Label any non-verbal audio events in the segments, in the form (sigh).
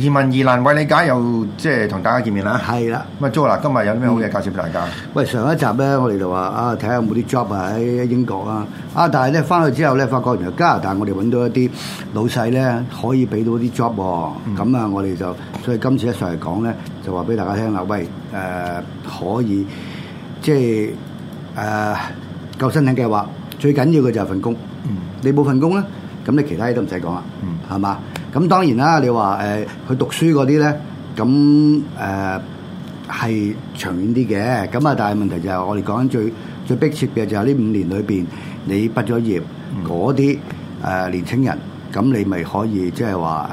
移民疑難為你解，又即係同大家見面啦。係啦的，咁啊，Joe 啦，今日有啲咩好嘢介紹俾大家、嗯？喂，上一集咧，我哋就話啊，睇下有冇啲 job 喺英國啦、啊。啊，但係咧翻去之後咧，發覺原來加拿大我哋揾到一啲老細咧，可以俾到啲 job、啊。咁、嗯、啊，我哋就所以今次一上嚟講咧，就話俾大家聽啦。喂、啊，誒可以，即係誒救生艇計劃，最緊要嘅就係份工。嗯、你冇份工咧，咁你其他嘢都唔使講啦。嗯，係嘛？咁當然啦，你話誒、呃、去讀書嗰啲咧，咁誒係長遠啲嘅。咁啊，但係問題就係我哋講緊最最迫切嘅就係呢五年裏邊你畢咗業嗰啲誒年輕人，咁你咪可以即係話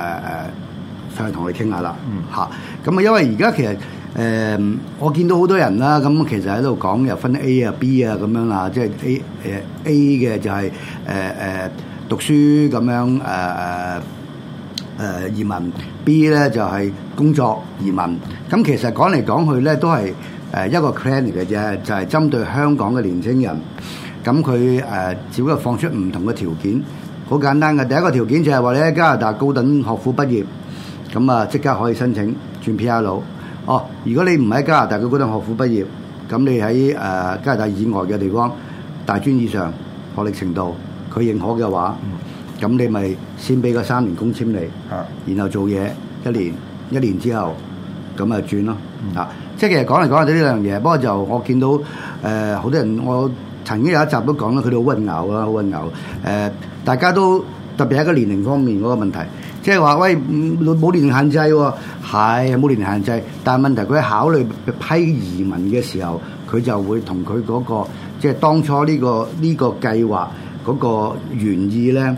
誒誒上去同佢傾下啦嚇。咁啊、嗯，因為而家其實誒、呃、我見到好多人啦，咁其實喺度講又分 A 啊 B 啊咁樣啦，即係 A 誒 A 嘅就係誒誒讀書咁樣誒。呃呃誒移民 B 咧就係工作移民，咁、就是、其實講嚟講去咧都係誒一個 plan 嚟嘅啫，就係、是、針對香港嘅年青人，咁佢誒只不過放出唔同嘅條件，好簡單嘅。第一個條件就係話你喺加拿大高等學府畢業，咁啊即刻可以申請轉 PR 哦，如果你唔喺加拿大嘅高等學府畢業，咁你喺誒、啊、加拿大以外嘅地方，大專以上學歷程度，佢認可嘅話。嗯咁你咪先俾個三年工簽你，啊、然後做嘢一年，一年之後咁啊轉咯，啊、嗯、即係其實講嚟講去都呢樣嘢，不過就我見到誒好、呃、多人，我曾經有一集都講啦，佢哋好混淆啊，好混淆誒，大家都特別喺個年齡方面嗰、那個問題，即係話喂冇年齡限制喎、哦，係冇年齡限制，但係問題佢喺考慮批移民嘅時候，佢就會同佢嗰個即係當初、這個這個、個呢個呢個計劃嗰個原意咧。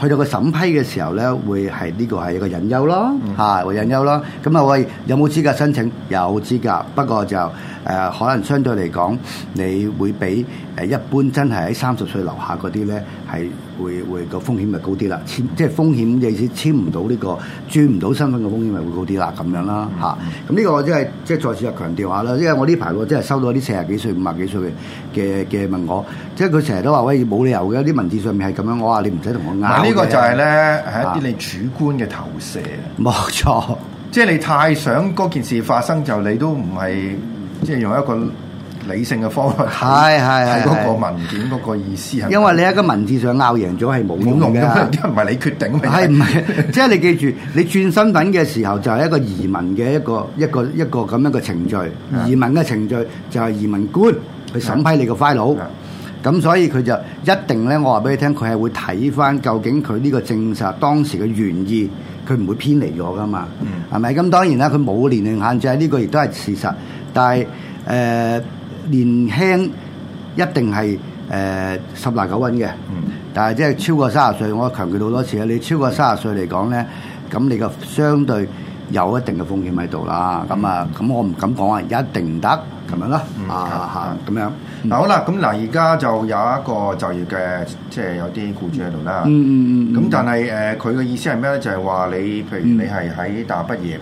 去到個審批嘅時候咧，會係呢個係一個隱憂咯，嚇，個隱憂咯。咁啊，我有冇資格申請？有資格，不過就誒、呃，可能相對嚟講，你會比誒一般真係喺三十歲樓下嗰啲咧，係會會個風險咪高啲啦。簽即係風險意思簽唔到呢、這個轉唔到身份嘅風險咪會高啲啦，咁樣啦嚇。咁呢個我真係即係再次又強調下啦，因為我呢排我真係收到啲四十幾歲、五十幾歲嘅嘅嘅問我，即係佢成日都話喂，冇理由嘅，啲文字上面係咁樣，我、哦、話你唔使同我呢個就係咧，係一啲你主觀嘅投射。啊、冇錯，即係你太想嗰件事發生，就你都唔係即係用一個理性嘅方法。係係係嗰個文件嗰 (laughs) 個,、嗰個意思係。因為你喺個文字上拗贏咗係冇用嘅，因為唔係你決定。係唔係？即係你記住，你轉身份嘅時候就係一個移民嘅一個一個一個咁一,一,一個程序。移民嘅程序就係移民官去審批你個 file。 (laughs) 咁所以佢就一定咧，我話俾你聽，佢係會睇翻究竟佢呢個政策當時嘅原意，佢唔會偏離咗噶嘛，係咪、嗯？咁當然啦，佢冇年齡限制呢、呢個亦都係事實，但係誒、呃、年輕一定係誒、呃、十拿九穩嘅，嗯、但係即係超過三十歲，我強調好多次啊，你超過三十歲嚟講咧，咁你個相對。有一定嘅風險喺度啦，咁啊，咁我唔敢講啊，一定唔得咁樣咯，是是嗯、啊嚇咁樣。嗱、嗯嗯、好啦，咁嗱而家就有一個就業嘅，即、就、係、是、有啲僱主喺度啦。嗯嗯嗯。咁但係誒，佢、呃、嘅意思係咩咧？就係、是、話你，譬如你係喺大學畢業，咁、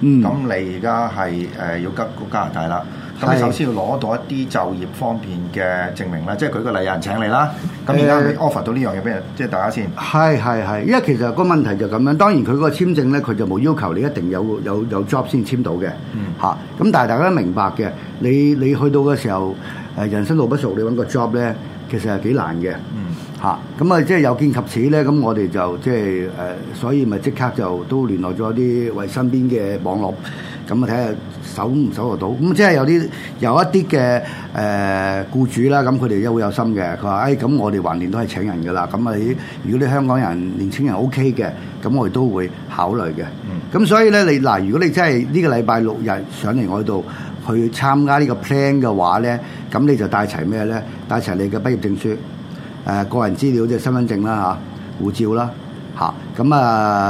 嗯、你而家係誒要急個加拿大啦。咁是你首先要攞到一啲就業方面嘅證明啦，即係舉個例，有人請你啦。咁而家 offer 到呢樣嘢俾人，即係大家先。係係係，因為其實個問題就咁樣。當然佢個簽證咧，佢就冇要求你一定有有有 job 先簽到嘅。嗯。嚇，咁但係大家都明白嘅，你你去到嘅時候，誒、呃、人生路不熟，你揾個 job 咧，其實係幾難嘅。嗯。嚇，咁啊，即係有見及此咧，咁我哋就即係誒，所以咪即刻就都聯絡咗啲為身邊嘅網絡，咁啊睇下。搜唔搜得到？咁即係有啲有一啲嘅誒僱主啦，咁佢哋亦會有心嘅。佢話，誒、哎、咁我哋橫掂都係請人㗎啦。咁啊，如果你香港人年青人 O K 嘅，咁我哋都會考慮嘅。咁、嗯、所以咧，你嗱，如果你真係呢個禮拜六日上嚟我度去參加個呢個 plan 嘅話咧，咁你就帶齊咩咧？帶齊你嘅畢業證書、誒、呃、個人資料即係、就是、身份證啦、嚇護照啦、嚇咁啊、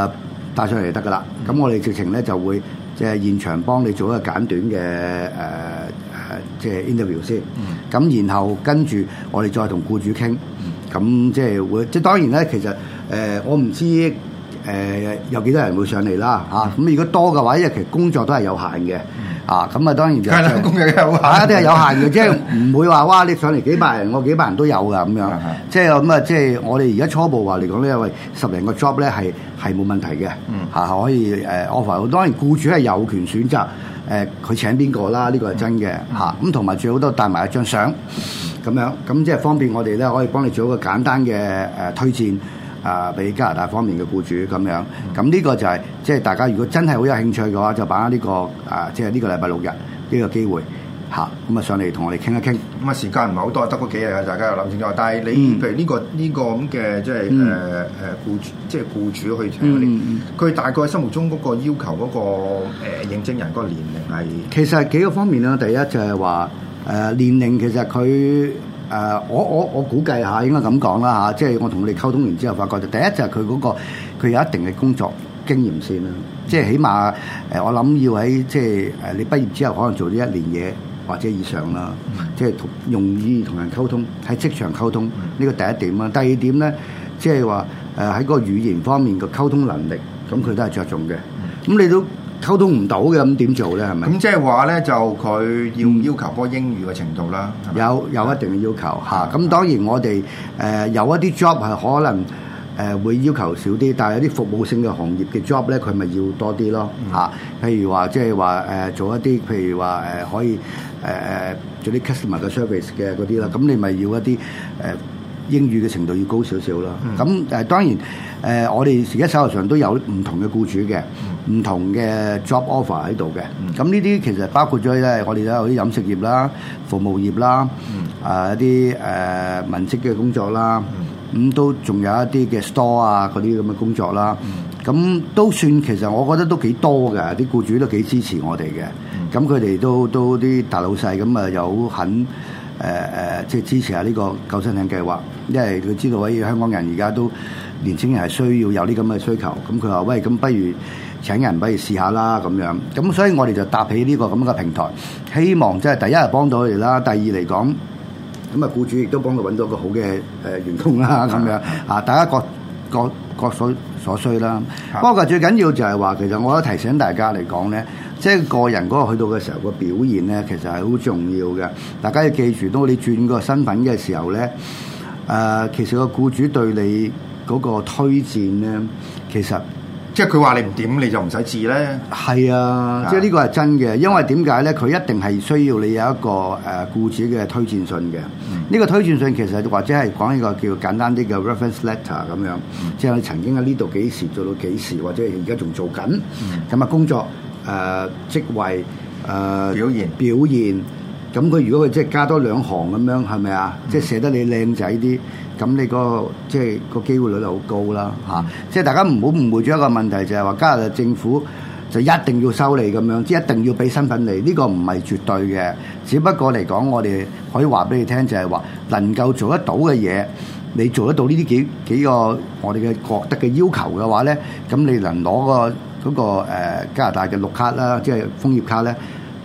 呃、帶上嚟就得㗎啦。咁我哋直情咧就會。即係現場幫你做一個簡短嘅誒誒，即係 interview 先，咁、嗯、然後跟住我哋再同僱主傾，咁、嗯、即係會，即係當然咧，其實誒、呃、我唔知。誒有幾多人會上嚟啦？嚇！咁如果多嘅話，因為其實工作都係有限嘅，啊咁啊當然就係，一定係有限嘅即係，唔會話哇！你上嚟幾百人，我幾百人都有嘅咁樣，即係咁啊！即係我哋而家初步話嚟講呢，因為十零個 job 咧係係冇問題嘅，嚇可以誒 offer。當然僱主係有權選擇誒佢請邊個啦，呢個係真嘅嚇。咁同埋最好都帶埋一張相咁樣，咁即係方便我哋咧，可以幫你做一個簡單嘅誒推薦。啊！俾加拿大方面嘅僱主咁樣，咁呢、嗯、個就係即係大家如果真係好有興趣嘅話，就把握、呢、呢個啊，即係呢個禮拜六日呢個機會嚇，咁啊就上嚟同我哋傾一傾。咁啊時間唔係好多，得嗰幾日啊，大家又諗清楚。但係你、嗯、譬如呢、呢個呢、呢個咁嘅即係誒誒僱主，即係僱主去請你，佢、嗯嗯、大概心目中嗰個要求嗰、嗰個誒應徵人嗰個年齡係？其實幾個方面啦，第一就係話誒年齡，其實佢。誒，uh, 我我我估計嚇，應該咁講啦嚇，即係我同佢哋溝通完之後，發覺就第一就係佢嗰個佢有一定嘅工作經驗先啦，即係起碼誒、呃，我諗要喺即係誒，就是、你畢業之後可能做咗一年嘢或者以上啦，即係容易同人溝通，喺職場溝通，呢個第一點啦。第二點咧，即係話誒喺嗰個語言方面嘅溝通能力，咁佢都係着重嘅。咁你都。溝通唔到嘅咁點做咧係咪？咁即係話咧，就佢要要求多英語嘅程度啦。 (noise) (noise) 有有一定嘅要求嚇。咁 (noise) 當然我哋誒、呃、有一啲 job 係可能誒、呃、會要求少啲，但係有啲服務性嘅行業嘅 job 咧，佢咪要多啲咯嚇。 (noise) 譬如話即係話誒做一啲譬如話誒可以誒誒做啲 customer 嘅 service 嘅嗰啲啦，咁你咪要一啲誒、呃、英語嘅程度要高少少咯。咁誒 (noise) 當然。誒、呃，我哋而家手頭上都有唔同嘅僱主嘅，唔、嗯、同嘅 job offer 喺度嘅。咁呢啲其實包括咗咧，我哋都有啲飲食業啦、服務業啦，誒一啲誒文職嘅工作啦，咁都仲有一啲嘅 store 啊嗰啲咁嘅工作啦。咁、嗯、都算其實我覺得都幾多嘅，啲僱主都幾支持我哋嘅。咁佢哋都都啲大老細咁啊，有肯誒誒、呃，即係支持下呢個救生艇計劃，因為佢知道喺香港人而家都。年青人係需要有啲咁嘅需求，咁佢話：喂，咁不如請人，不如試下啦咁樣。咁所以我哋就搭起呢個咁嘅平台，希望即係第一係幫到佢哋啦，第二嚟講，咁啊僱主亦都幫佢揾到，到個好嘅誒員工啦咁樣。啊， (laughs) 大家各各各，各所所需啦。 (laughs) 不過最緊要就係話，其實我都提醒大家嚟講咧，即係個人嗰個去到嘅時候個表現咧，其實係好重要嘅。大家要記住，當你轉個身份嘅時候咧，誒、呃，其實個僱主對你。嗰個推薦咧，其實即係佢話你唔點你就唔使試咧。係啊，是啊，即係呢個係真嘅，因為點解咧？佢一定係需要你有一個誒僱主嘅推薦信嘅。呢、嗯、個推薦信其實或者係講一個叫簡單啲嘅 reference letter 咁樣，嗯、即係你曾經喺呢度幾時做到幾時，或者而家仲做緊咁啊工作、誒、呃、職位、誒表現、表現。咁佢如果佢即係加多兩行咁樣，係咪啊？即係寫得你靚仔啲。咁你、那個即係、就是、個機會率就好高啦，嚇！嗯、即係大家唔好誤會咗一個問題，就係、是、話加拿大政府就一定要收你咁樣，即、就、係、是、一定要俾身份你。呢、這個唔係絕對嘅。只不過嚟講，我哋可以話俾你聽，就係話能夠做得到嘅嘢，你做得到呢啲幾幾個我哋嘅覺得嘅要求嘅話咧，咁你能攞、那個嗰、那個加拿大嘅綠卡啦，即係楓葉卡咧，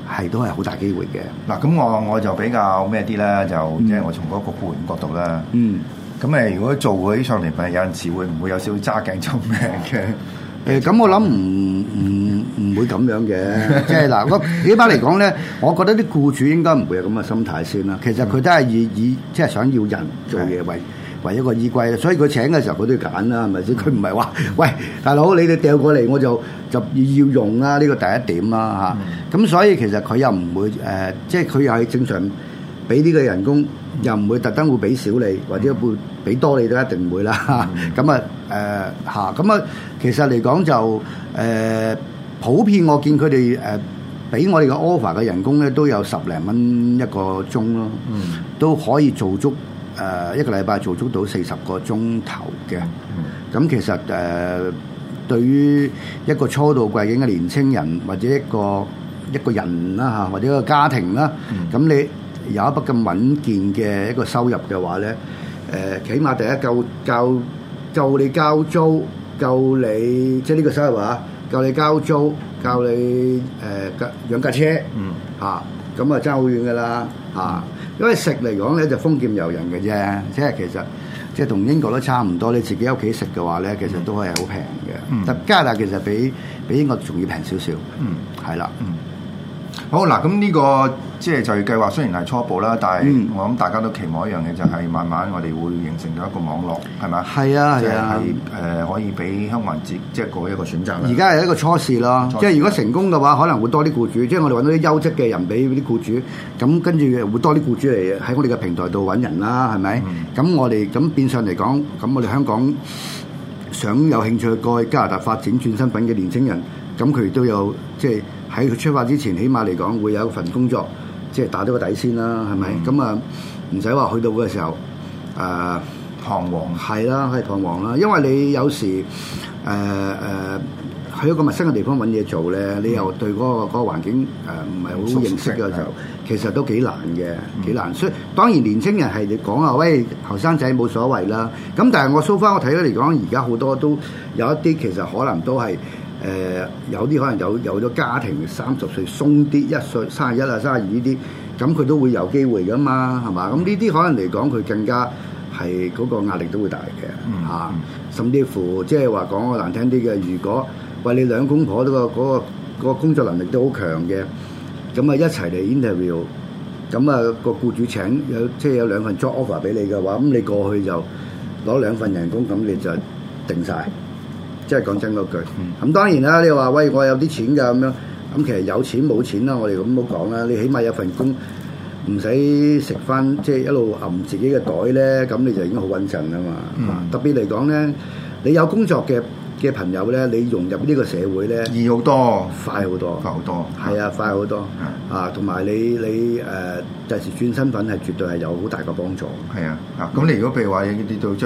係都係好大機會嘅。嗱、嗯，咁我我就比較咩啲咧，就即係、就是、我從嗰個判角度啦。嗯。咁誒，如果做嗰上嚟，連份，有陣時會唔會有少少揸頸就命嘅？誒、 (laughs) 欸，咁我諗唔唔唔會咁樣嘅，即係嗱，我起碼嚟講咧，我覺得啲僱主應該唔會有咁嘅心態先啦。其實佢都係以、嗯、以即係想要人做嘢為的為一個依歸，所以佢請嘅時候佢都要揀啦、啊，係咪先？佢唔係話喂，大佬你哋掉過嚟我就就要用啦、啊。這」呢個第一點啦、啊、嚇。咁、嗯、所以其實佢又唔會誒、呃，即係佢又係正常。俾呢個人工又唔會特登會俾少你，或者會俾多你都一定唔會啦。咁啊誒嚇，咁啊、呃、其實嚟講就誒、呃、普遍我見佢哋誒俾我哋嘅 offer 嘅人工咧都有十零蚊一個鐘咯，都可以做足誒、呃、一個禮拜做足到四十個鐘頭嘅。咁其實誒、呃、對於一個初到貴境嘅年青人或者一個一個人啦嚇，或者一個家庭啦，咁你。有一筆咁穩健嘅一個收入嘅話咧，誒、呃，起碼第一夠夠夠你交租，夠你即係呢個收入嚇，夠你交租，夠你誒、呃、養架車，嗯、啊，嚇，咁啊爭好遠噶啦，嚇，因為食嚟講咧就豐儉由人嘅啫，即係其實即係同英國都差唔多，你自己屋企食嘅話咧，其實都係好平嘅，嗯，加拿大其實比比英國仲要平少少，嗯，係啦，嗯，好嗱，咁呢個。即係就係計劃，雖然係初步啦，但係我諗大家都期望一樣嘢，就係慢慢我哋會形成到一個網絡，係咪啊？係啊係啊、呃，可以俾香港人接即係個一個選擇。而家係一個初試咯，事即係如果成功嘅話，可能會多啲僱主，即係我哋揾到啲優質嘅人俾啲僱主。咁跟住會多啲僱主嚟喺我哋嘅平台度揾人啦，係咪？咁、嗯、我哋咁變相嚟講，咁我哋香港想有興趣過去加拿大發展轉身份嘅年輕人，咁佢亦都有即係喺佢出發之前，起碼嚟講會有一份工作。即係打啲個底先啦，係咪？咁啊、嗯，唔使話去到嗰個時候誒、呃、彷徨。係啦，係彷徨啦，因為你有時誒誒、呃呃、去一個陌生嘅地方揾嘢做咧，嗯、你又對嗰、那個嗰、那個、環境誒唔係好認識嘅時候，其實都幾難嘅，幾難。嗯、所以當然年青人係你講啊，喂，後生仔冇所謂啦。咁但係我搜翻我睇到嚟講，而家好多都有一啲其實可能都係。誒、呃、有啲可能有有咗家庭，三十歲鬆啲，鬆一歲三十一啊三十二呢啲，咁佢都會有機會㗎嘛，係嘛？咁呢啲可能嚟講，佢更加係嗰個壓力都會大嘅嚇，啊嗯嗯、甚至乎即係話講個難聽啲嘅，如果喂你兩公婆嗰個嗰、嗰個嗰個工作能力都好強嘅，咁啊一齊嚟 interview，咁啊個僱主請有即係、即係、有兩份 job offer 俾你嘅話，咁你過去就攞兩份人工，咁你就定晒。即係講真嗰句，咁當然啦！你話喂，我有啲錢㗎咁樣，咁其實有錢冇錢啦，我哋咁好講啦。你起碼有份工，唔使食返，即係一路揞自己嘅袋咧，咁你就已經好穩陣啦嘛。嗯、特別嚟講咧，你有工作嘅嘅朋友咧，你融入呢個社會咧，易好多，快好多，快好多，係啊，快好多啊，同埋、啊、你你誒第、啊、時轉身份係絕對係有好大嘅幫助。係啊，啊咁你如果譬如話你做出。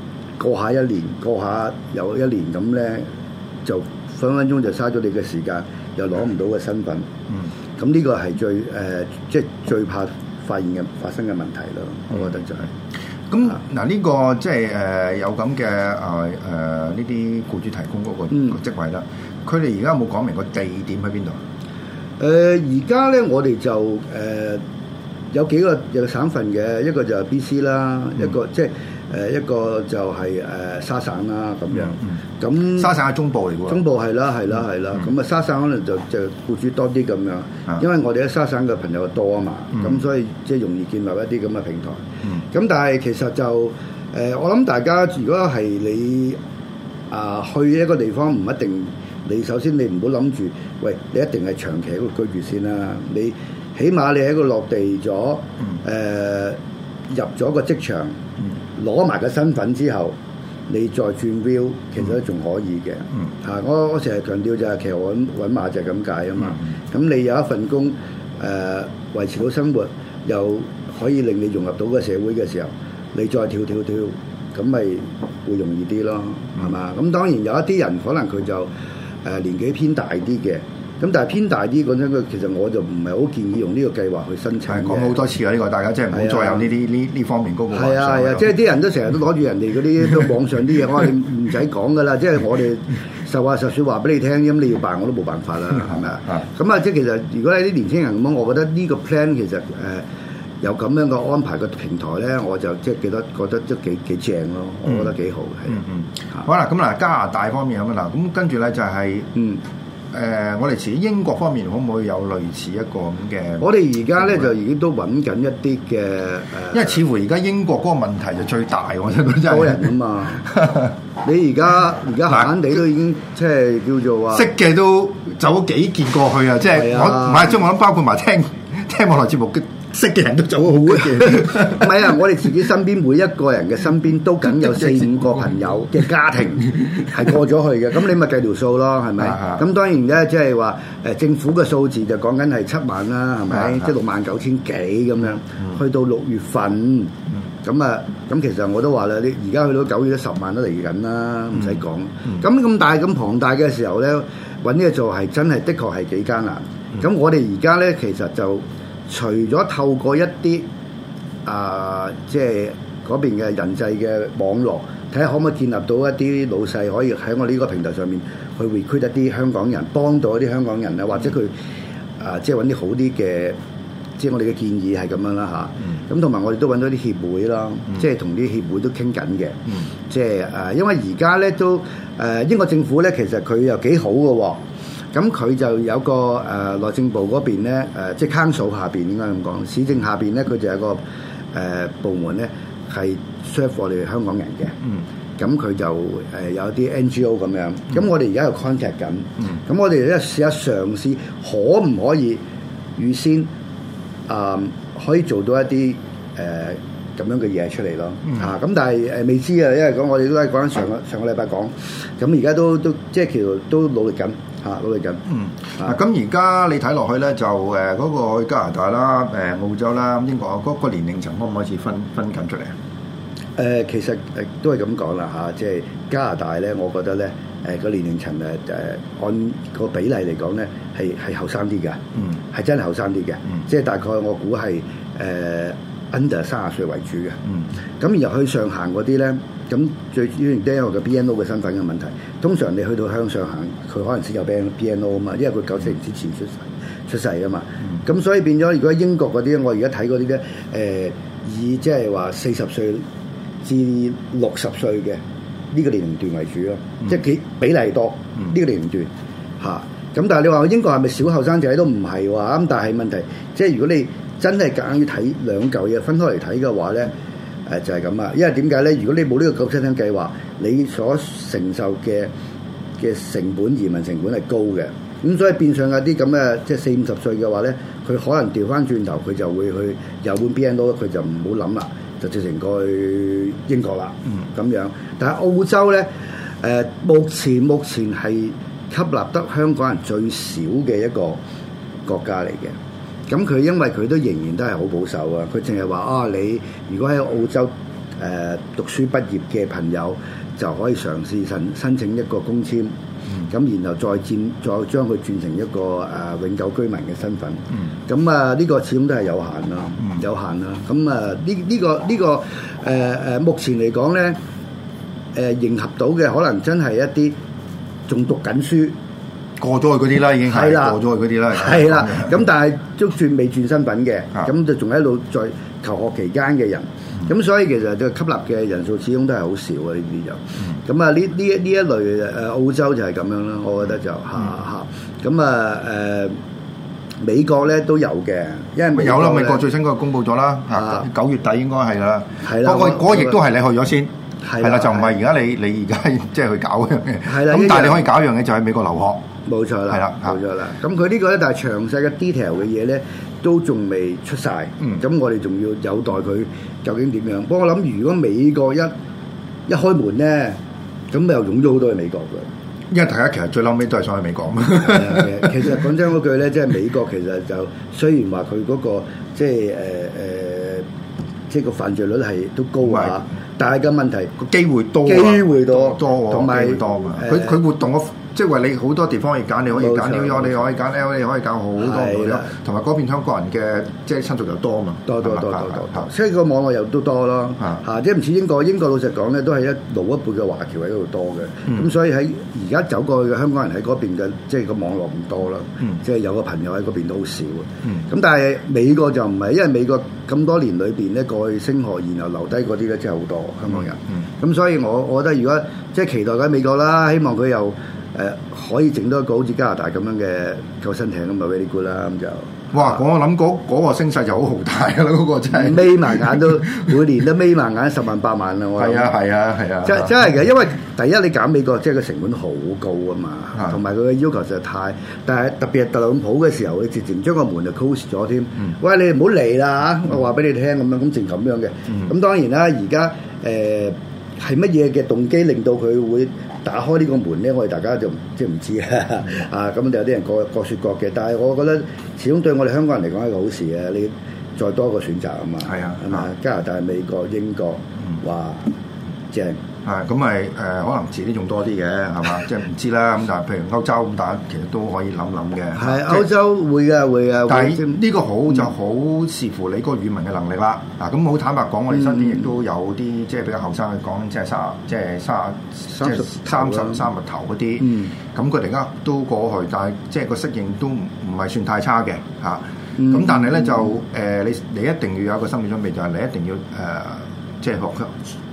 過下一年，過下有一年咁咧，就分分鐘就嘥咗你嘅時間，又攞唔到嘅身份。嗯這這。咁呢個係最誒，即係最怕發現嘅發生嘅問題咯。我覺得就係。咁嗱，嗱呢個即係誒有咁嘅誒誒呢啲僱主提供嗰個職位啦。佢哋而家冇講明個地點喺邊度？誒，而家咧，我哋就誒有幾個有省份嘅，一個就係 B C 啦，一個即係。嗯誒一個就係、是、誒、呃、沙省啦、啊、咁樣，咁、嗯、樣沙省係中部嚟嘅。中部係啦係啦係啦，咁啊、嗯、沙省可能就就僱主多啲咁樣，嗯、因為我哋喺沙省嘅朋友多啊嘛，咁、嗯、所以即係容易建立一啲咁嘅平台。咁、嗯、但係其實就誒、呃，我諗大家如果係你啊、呃、去一個地方，唔一定你首先你唔好諗住，喂你一定係長期嗰個居住先啦。你起碼你喺一個落地咗，誒、呃呃、入咗個職場。嗯嗯攞埋個身份之後，你再轉 view，其實都仲可以嘅。嚇、嗯，我常常強調、就是、我成日強調就係其實騎牛搵馬就係咁解啊嘛。咁、嗯、你有一份工，誒、呃、維持到生活，又可以令你融入到個社會嘅時候，你再跳跳跳，咁咪會容易啲咯，係嘛、嗯？咁當然有一啲人可能佢就誒、呃、年紀偏大啲嘅。咁但係偏大啲咁樣其實我就唔係好建議用呢個計劃去申請嘅。講好多次啦，呢個大家真係唔好再有呢啲呢呢方面嗰個。係啊係啊，即係啲人都成日都攞住人哋嗰啲網上啲嘢，我話你唔使講噶啦。即係我哋實話實説話俾你聽，咁你要辦我都冇辦法啦，係咪啊？咁啊，即係其實如果你啲年輕人咁樣，我覺得呢個 plan 其實誒有咁樣嘅安排嘅平台咧，我就即係幾多覺得都幾幾正咯，我覺得幾好嘅。好啦，咁嗱加拿大方面咁啊嗱，咁跟住咧就係嗯。誒、呃，我哋自己英國方面可唔可以有類似一個咁嘅？我哋而家咧就已經都揾緊一啲嘅誒，呃、因為似乎而家英國嗰個問題就最大，呃、我覺得真係多人啊嘛！ (laughs) 你而家而家閒閒地都已經即係、呃、叫做話識嘅都走咗幾件過去啊！即、就、係、是啊、我買張我諗包括埋聽聽網絡節目嘅。識嘅人都走好嘅，唔 (noise) 係樂 (laughs) 啊！我哋自己身邊每一個人嘅身邊都僅有四五個朋友嘅家庭係過咗去嘅，咁 (laughs) 你咪計條數咯，係咪？咁 (music) 當然咧，即係話誒政府嘅數字就講緊係七萬啦，係咪？即係六萬九千幾咁樣， (music) 去到六月份咁 (music) 啊！咁其實我都話啦，你而家去到九月都十萬都嚟緊啦，唔使講。咁 (noise) 咁樂 (music) 大咁龐大嘅時候咧，揾嘢做係真係的，的確係幾艱難。咁 (music) 我哋而家咧其實就～除咗透過一啲啊，即係嗰邊嘅人際嘅網絡，睇下可唔可以建立到一啲老細可以喺我哋呢個平台上面去 recruit 一啲香港人，幫到一啲香港人啦，或者佢、呃就是就是、啊，即係揾啲好啲嘅，即係我哋嘅建議係咁樣啦吓，咁同埋我哋都揾到啲協會啦，即係同啲協會都傾緊嘅。即係啊，因為而家咧都誒、呃、英國政府咧，其實佢又幾好嘅喎。咁佢就有個誒、呃、內政部嗰邊咧，誒、呃、即係 council 下邊應該咁講，市政下邊咧，佢就有個誒、呃、部門咧係 serve 我哋香港人嘅。嗯。咁佢就誒有啲 NGO 咁樣，咁、嗯、我哋而家又 contact 緊。嗯。咁我哋咧試下嘗試，可唔可以預先誒、呃、可以做到一啲誒咁樣嘅嘢出嚟咯？嗯、啊。咁但係誒未知啊，因為講我哋都喺講緊上個上個禮拜講，咁而家都都即係其實都努力緊。嚇、啊，努力緊。嗯。啊，咁而家你睇落去咧，就誒嗰、呃那個加拿大啦、誒、呃、澳洲啦、英國啊，嗰、那個年齡層可唔可以開分分緊出嚟啊？誒、呃，其實誒、呃、都係咁講啦嚇，即、啊、係、就是、加拿大咧，我覺得咧，誒、呃那個年齡層誒誒、呃、按個比例嚟講咧，係係後生啲嘅。嗯。係真係後生啲嘅。即係、嗯、大概我估係誒、呃、under 三十歲為主嘅。嗯。咁然後向上行嗰啲咧。咁最主要，呢個嘅 BNO 嘅身份嘅問題，通常你去到向上行，佢可能先有 B BNO 啊嘛，因為佢九四年之前出世出世啊嘛，咁、嗯、所以變咗，如果英國嗰啲，我而家睇嗰啲咧，誒、呃、以即係話四十歲至六十歲嘅呢個年齡段為主咯，即係佢比例多呢、嗯、個年齡段嚇。咁、嗯、但係你話英國係咪小後生仔都唔係喎，咁但係問題即係、就是、如果你真係夾硬要睇兩嚿嘢分開嚟睇嘅話咧。嗯。誒就係咁啊！因為點解咧？如果你冇呢個救生艇計劃，你所承受嘅嘅成本移民成本係高嘅。咁所以變相有啲咁嘅，即係四五十歲嘅話咧，佢可能調翻轉頭，佢就會去又本 BNO，佢就唔好諗啦，就變成過去英國啦。嗯，咁樣。但係澳洲咧，誒、呃、目前目前係吸納得香港人最少嘅一個國家嚟嘅。咁佢因為佢都仍然都係好保守啊！佢淨係話啊，你如果喺澳洲誒、呃、讀書畢業嘅朋友就可以嘗試申申請一個公簽，咁、嗯、然後再轉再將佢轉成一個誒、呃、永久居民嘅身份。咁啊、嗯，呢、這個始終都係有限啊，嗯、有限啊。咁啊，呢、這、呢個呢、這個誒誒、呃，目前嚟講咧，誒、呃、迎合到嘅可能真係一啲仲讀緊書。過咗去嗰啲啦，已經係過咗去嗰啲啦。係啦，咁但係都算未轉身份嘅，咁就仲喺度在求學期間嘅人。咁所以其實就吸納嘅人數始終都係好少啊！呢啲就咁啊，呢呢呢一類誒澳洲就係咁樣啦，我覺得就嚇嚇。咁啊誒美國咧都有嘅，因為有啦，美國最新嗰個公布咗啦，九月底應該係啦。係啦，嗰嗰亦都係你去咗先，係啦，就唔係而家你你而家即係去搞嗰樣嘅。係啦，咁但係你可以搞一樣嘅，就喺美國留學。冇錯啦，冇的錯啦。咁佢呢個咧，但係、這個、詳細嘅 detail 嘅嘢咧，都仲未出晒。咁、嗯、我哋仲要有待佢究竟點樣。不過我諗，如果美國一一開門咧，咁又湧咗好多去美國嘅。因為大家其實最嬲尾都係想去美國嘛。 (laughs) 其實講真嗰句咧，即係美國其實就雖然話佢嗰個即係誒誒，即係、呃、個犯罪率係都高啊，的但係嘅問題個機會多、啊，機會多，啊多，多同埋多啊。佢佢有、啊、活動。 (laughs) 即係話你好多地方，可以揀你可以揀 L，你可以揀 L，你可以揀好多嘅，同埋嗰邊香港人嘅即係親屬又多嘛，多多多多多，所以個網絡又都多咯嚇，即係唔似英國，英國老實講咧，都係一老一輩嘅華僑喺嗰度多嘅，咁所以喺而家走過去嘅香港人喺嗰邊嘅，即係個網絡唔多啦，即係有個朋友喺嗰邊都好少啊，咁但係美國就唔係，因為美國咁多年裏邊咧，過去星河，然後留低嗰啲咧，真係好多香港人，咁所以我覺得如果即係期待緊美國啦，希望佢又。誒、呃、可以整多一個好似加拿大咁樣嘅救生艇咁啊 Very good 啦咁就，就哇！我諗嗰嗰個聲、那個、勢就好豪大啦，嗰、那個真係眯埋眼都 (laughs) 每年都眯埋眼十萬八萬啦！ (laughs) 我覺得係啊係啊係啊！啊啊真真係嘅，因為第一你揀美國即係個成本好高啊嘛，同埋佢嘅要求實在太，但係特別係特朗普嘅時候，佢直情將個門就 close 咗添。嗯、喂，你唔好嚟啦嚇！我話俾你聽咁樣，咁剩咁樣嘅。咁、嗯嗯、當然啦，而家誒係乜嘢嘅動機令到佢會？打開呢個門咧，我哋大家就即係唔知啊！啊、嗯 (laughs) 嗯，咁有啲人各各説各嘅，但係我覺得始終對我哋香港人嚟講係一個好事啊！你再多個選擇啊嘛，係啊，係嘛？加拿大、美國、英國哇即係。啊，咁咪誒，可能遲啲仲多啲嘅，係嘛？ (laughs) 即係唔知啦。咁但係，譬如歐洲咁，大家其實都可以諗諗嘅。係 (laughs) 歐洲會嘅，會嘅。但係呢個好、嗯、就好視乎你個語文嘅能力啦。啊，咁好坦白講，我哋身邊亦都有啲即係比較後生嘅，講即係卅即係卅即係三十三日頭嗰啲。咁佢哋而家都過去，但係即係個適應都唔係算太差嘅嚇。咁、啊啊、但係咧、嗯、就誒，你、呃、你一定要有一個心理準備，就係、是、你一定要誒、呃，即係學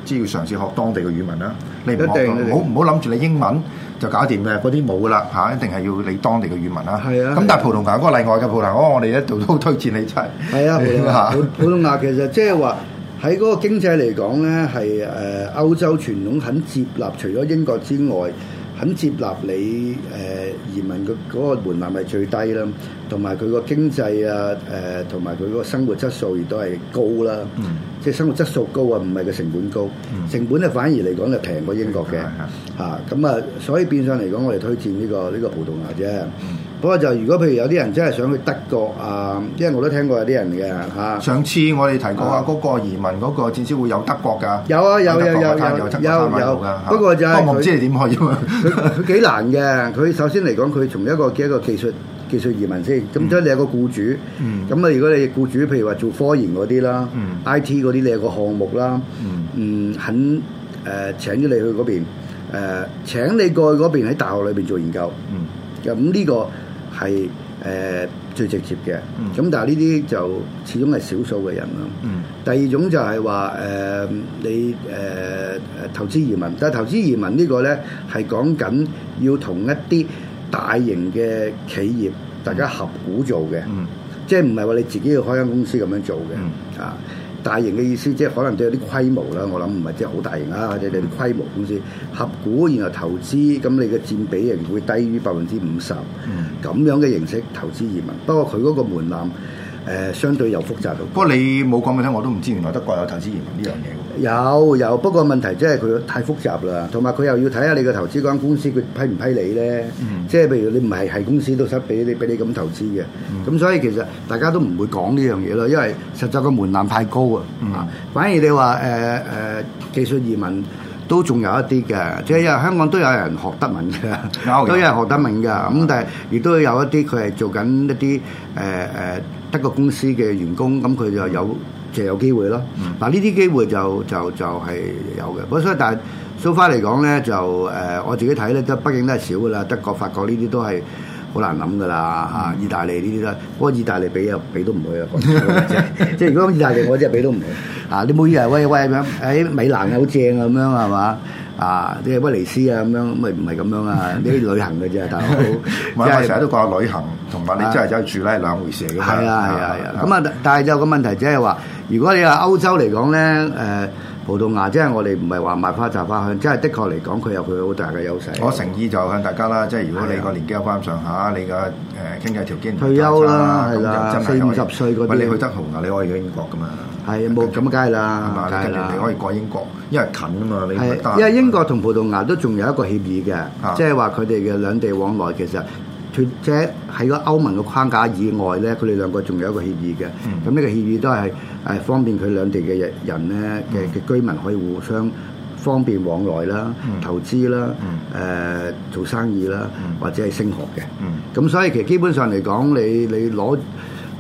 需要嘗試學當地嘅語文啦，一定你唔好唔好諗住你英文就搞掂嘅，嗰啲冇噶啦嚇，一定係要你當地嘅語文啦。係啊，咁但係葡萄牙嗰個例外嘅葡萄牙，我哋一度都推薦你出嚟。係啊，葡萄牙其實即係話喺嗰個經濟嚟講咧，係誒、呃、歐洲傳統肯接納，除咗英國之外，肯接納你誒、呃、移民嘅嗰個門檻係最低啦。同埋佢個經濟啊，誒，同埋佢嗰個生活質素亦都係高啦，即係生活質素高啊，唔係佢成本高，成本咧反而嚟講就平過英國嘅，嚇咁啊，所以變相嚟講，我哋推薦呢個呢個葡萄牙啫。不過就如果譬如有啲人真係想去德國啊，因為我都聽過有啲人嘅嚇。上次我哋提過啊，嗰個移民嗰個至少會有德國噶，有啊有有有有有有，不過就係佢唔知係點去啊，佢幾難嘅。佢首先嚟講，佢從一個嘅一個技術。技術移民先，咁即係你有個僱主，咁啊、嗯、如果你僱主譬如話做科研嗰啲啦，IT 嗰啲你有個項目啦，嗯，肯誒、呃、請咗你去嗰邊，誒、呃、請你過去嗰邊喺大學裏邊做研究，咁呢、嗯、個係誒、呃、最直接嘅，咁、嗯、但係呢啲就始終係少數嘅人咯。嗯、第二種就係話誒你誒誒、呃、投資移民，但係投資移民呢個咧係講緊要求要求同一啲。大型嘅企業，大家合股做嘅，嗯、即係唔係話你自己要開間公司咁樣做嘅，嗯、啊，大型嘅意思即係可能都有啲規模啦，我諗唔係即係好大型啊，即係你啲規模公司合股然後投資，咁你嘅佔比誒亦會低於百分之五十，咁、嗯、樣嘅形式投資移民。不過佢嗰個門檻。誒相對又複雜到，不過你冇講俾我聽，我都唔知原來德國有投資移民呢樣嘢。有有，不過問題即係佢太複雜啦。同埋佢又要睇下你個投資嗰間公司，佢批唔批你咧？嗯、即係譬如你唔係係公司都得俾你俾你咁投資嘅。咁、嗯、所以其實大家都唔會講呢樣嘢咯，因為實在個門檻太高啊。嗯、反而你話誒誒技術移民都仲有一啲嘅，即係因為香港都有人學德文嘅，嗯、都有人學德文嘅。咁、嗯嗯、但係亦都有一啲佢係做緊一啲誒誒。呃呃呃德國公司嘅員工，咁佢就有就有機會咯。嗱呢啲機會就就就係、是、有嘅。不過所以但係 so far 嚟講咧就誒、呃、我自己睇咧，即係畢竟都係少㗎啦。德國、法國呢啲都係好難諗㗎啦。嚇、啊，意大利呢啲咧，不過意大利俾又俾都唔會啊。就是、 (laughs) 即係如果意大利我真係俾都唔會。嚇、啊，你冇以為喂喂咁喺米蘭啊好正啊咁樣係嘛？啊！即係威尼斯啊，咁樣咪唔係咁樣啊？啲旅行嘅啫，大佬。我我成日都講旅行同埋你真係走去住咧係兩回事嘅。係啊係啊，咁啊！啊吧但係有個問題，即係話，如果你話歐洲嚟講咧，誒、呃、葡萄牙即係、就是、我哋唔係話賣花讚花香，即、就、係、是、的確嚟講，佢有佢好大嘅優勢。我誠意就向大家啦，即係如果你個年紀有翻上下，你個誒經濟條件退休啦、啊，係啦、啊，四五十歲你去得葡萄牙，你可以去英國㗎嘛。係啊，冇咁梗係啦，梗係你可以過英國。因為近啊嘛，你因為英國同葡萄牙都仲有一個協議嘅，即係話佢哋嘅兩地往來其實，即係喺個歐盟嘅框架以外咧，佢哋兩個仲有一個協議嘅。咁呢、嗯、個協議都係誒、呃、方便佢兩地嘅人咧嘅、嗯、居民可以互相方便往來啦、嗯、投資啦、誒、嗯呃、做生意啦，嗯、或者係升學嘅。咁、嗯、所以其實基本上嚟講，你你攞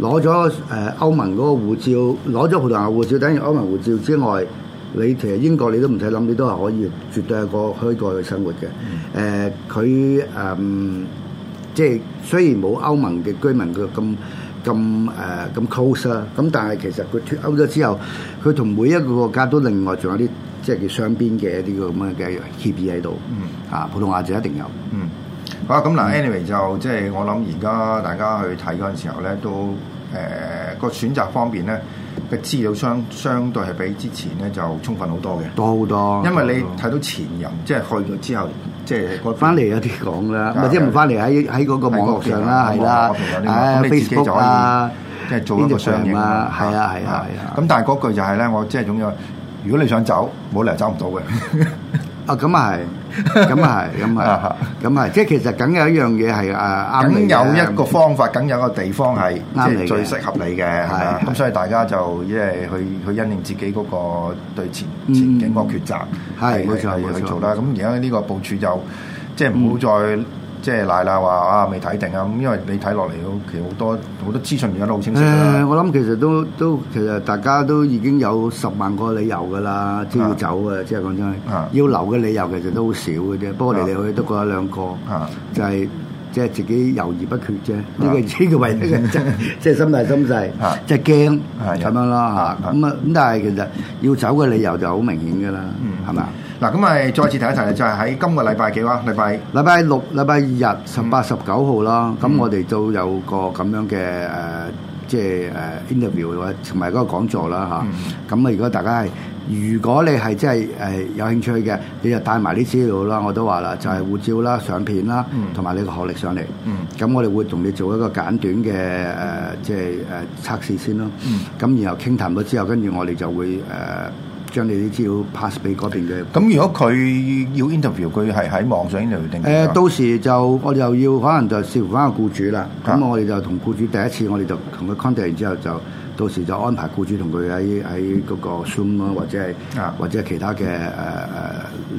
攞咗誒歐盟嗰個護照，攞咗葡萄牙護照，等於歐盟護照之外。你其實英國你都唔使諗，你都係可以絕對係個過去嘅生活嘅。誒、嗯呃，佢誒，即、呃、係雖然冇歐盟嘅居民佢咁咁誒咁 close 啦，咁但係其實佢脱歐咗之後，佢同每一個國家都另外仲有啲即係叫雙邊嘅一啲咁嘅嘅協議喺度。嗯，啊，普通話就一定有。嗯，好、嗯、啊。咁嗱，Anyway 就即係我諗而家大家去睇嗰陣時候咧，都誒個、呃、選擇方面咧。嘅資料相相對係比之前咧就充分好多嘅，多好多。因為你睇到前人，即係去咗之後，即係過翻嚟有啲講啦，或者唔翻嚟喺喺嗰個網絡上啦，係啦，啊 Facebook 啦，即係做呢個上營啊，係啊係啊。咁但係嗰句就係咧，我即係總有：如果你想走，冇理由走唔到嘅。啊，咁啊係，咁啊係，咁啊，咁啊，即係其實梗有一樣嘢係誒啱你，梗有一個方法，梗有一個地方係即係最適合你嘅，係嘛？咁所以大家就即係去去因應自己嗰個對前前景個抉擇，係冇錯冇錯，去做啦。咁而家呢個部署就即係唔好再。即係奶奶話啊，未睇定啊咁，因為你睇落嚟，其實好多好多資訊而家都好清晰啦。誒，我諗其實都都其實大家都已經有十萬個理由噶啦，都要走嘅，即係講真。啊、要留嘅理由其實都好少嘅啫，不過嚟嚟去去都嗰一兩個，啊啊、就係即係自己猶豫不決啫。呢個呢個為咩？即係即係心大心細，即係驚咁樣啦。嚇、啊。咁啊咁，啊但係其實要走嘅理由就好明顯噶啦，係嘛？嗱，咁咪再次提一提，就係、是、喺今個禮拜幾話？禮拜禮拜六、禮拜日，十八十九號啦。咁我哋都有個咁樣嘅誒，uh, 即係誒、uh, interview 嘅話同埋嗰個講座啦嚇。咁啊，嗯、如果大家係如果你係真係誒有興趣嘅，你就帶埋啲資料啦。我都話啦，就係、是、護照啦、相片啦，同、啊、埋、嗯、你嘅學歷上嚟。咁、嗯、我哋會同你做一個簡短嘅誒，uh, 即係誒、uh, 測試先咯。咁、啊嗯、然後傾談咗之後，跟住我哋就會誒。Uh, 將你啲資料 pass 俾嗰邊嘅。咁、嗯、如果佢要 interview，佢係喺網上 interview 定？誒、呃，到時就我哋又要可能就視乎翻個僱主啦。咁、啊、我哋就同僱主第一次我哋就同佢 contact 完之後就，就到時就安排僱主同佢喺喺嗰個 zoom 咯，或者係、啊、或者係其他嘅誒誒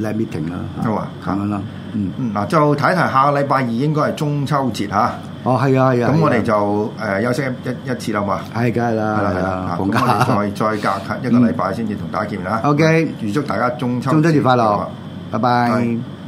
live meeting 啦。好啊，咁樣啦。嗯嗯，嗱就睇一睇下個禮拜二應該係中秋節嚇。哦，係啊，係啊，咁我哋就、呃、休息一一次好嘛，係，梗係啦，係啦，係啦，咁我哋再再隔一個禮拜先至同大家見面啦。OK，預、呃、祝大家中秋中秋節快樂，快樂拜拜，拜拜。